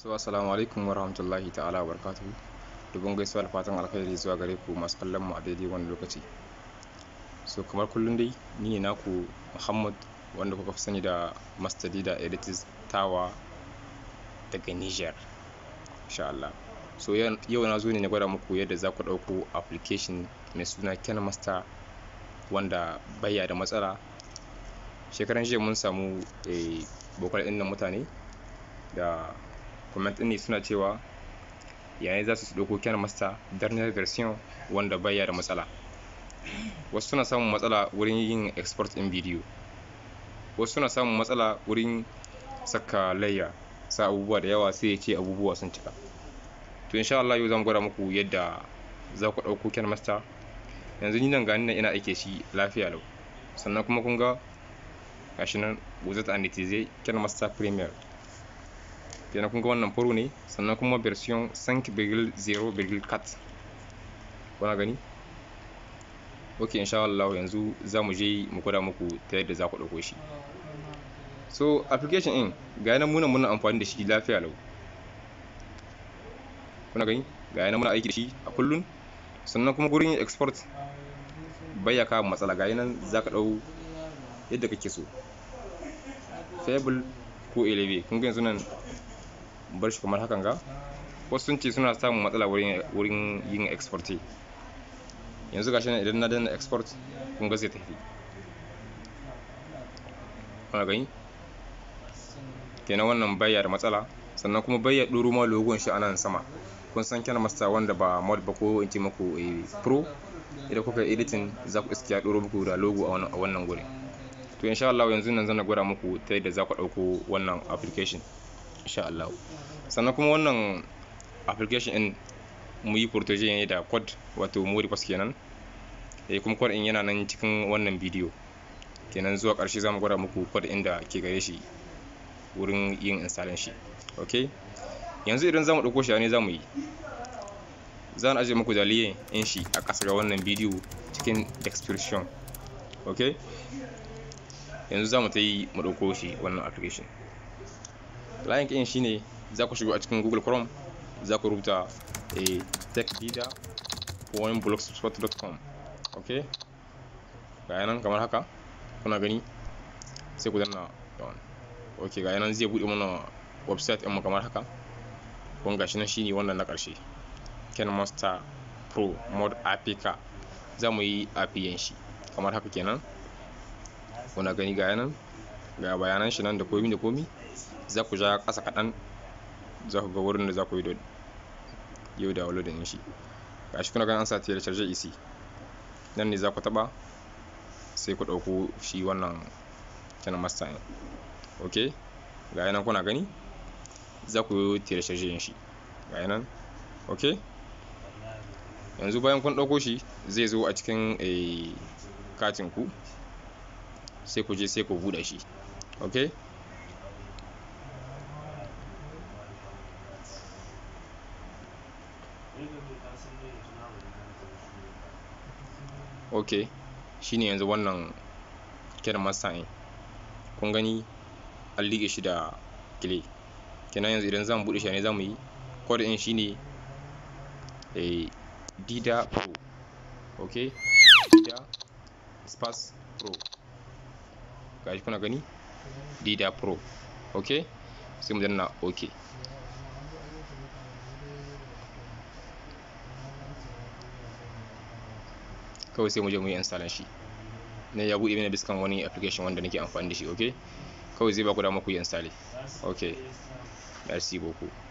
so assalamu alaikum wa rahmatullahi ta'ala wa barkatu dubin gaisuwa da fatan alkhairi zuwa gare ku masu kallon mu a daidai wani lokaci so kamar kullum dai ni ne naku muhammad wanda kuka fi sani da master da editis tawa daga niger insha Allah so yau na zo ne na gwada muku yadda za ku ɗauko application mai suna ken master wanda bayya da matsala shekaran jiya mun samu e, eh, bokal ɗin mutane da comment ɗin ne suna cewa yayin za su ɗauko kyan masta dernier version wanda baya da matsala wasu suna samun matsala wurin yin export in video wasu suna samun matsala wurin saka layya sa abubuwa da yawa sai ya ce abubuwa sun cika to insha Allah yau zan gwada muku yadda za ku ɗauko kyan masta yanzu ni nan gani ina aike shi lafiya lau sannan kuma kun ga gashi nan wizard anitize kyan masta premier kenan kun ga wannan pro ne sannan kuma version 5.0.4 kuna gani ok insha Allah yanzu za mu je mu gwada muku ta yadda za ku ɗauko shi so application in ga yana muna muna amfani da shi lafiya lau kuna gani ga yana muna aiki da shi a kullun sannan kuma gurin export baya kawo matsala ga yana za ka ɗau yadda kake so fable ko elevate kun ga yanzu nan bar shi kamar hakan ga wasu sun ce suna samun matsala wurin yin export yanzu gashi idan na daina export kun ga zai tafi kuna gani kenan wannan bayar matsala sannan kuma bayya ɗoro ma logon shi anan sama kun san kyan masta wanda ba mod ba ko in ce muku eh, pro idan kuka editing za ku iskiya ɗoro muku da logo a wannan gurin to insha Allah yanzu nan zan gwada muku ta yadda za ku ɗauko wannan application insha Allah sannan kuma wannan application in mu yi protege ne da code wato mu request kenan eh kuma code in yana nan cikin wannan bidiyo kenan zuwa ƙarshe zamu gwada muku code da ke gare shi wurin yin installation shi okay yanzu idan zamu dauko shi ne zamu yi zan aje muku da in shi a ƙasa ga wannan bidiyo cikin description okay yanzu zamu ta yi mu dauko shi wannan application client ɗin shine za ku shigo a cikin google chrome za ku rubuta a eh, techleader.blogspot.com ok ga yanan kamar haka kuna gani sai ku danna down ok ga yanan zai buɗe mana website ɗinmu kamar haka kun gashi na shine wannan na ƙarshe ken master pro mod apk za mu yi apiyan shi kamar haka kenan kuna gani ga yanan ga bayanan shi nan da komi da komi za ku ja ƙasa kaɗan za ku ga wurin da za ku yi yau da walo da ga shi kuna ganin an sati da charge ec nan ne za ku taɓa sai ku ɗauko shi wannan channel master ne ok ga yanan kuna gani za ku yi tiyar charge shi ga yanan ok yanzu bayan kun ɗauko shi zai zo a cikin eh, katin ku sai ku je sai ku buɗe shi ok ok shine yanzu wannan kiran master kun gani an liƙe shi da kile kenan yanzu idan zan buɗe shi ne zamu yi code shi ne a eh, dida pro ok dida space pro shi kuna gani dida pro ok sai mu danna ok kawai sai mu je mu yi installation shi ne ya bude mana biskan wani application wanda nake amfani da shi okay kawai zai ba ku dama ku yi install okay merci beaucoup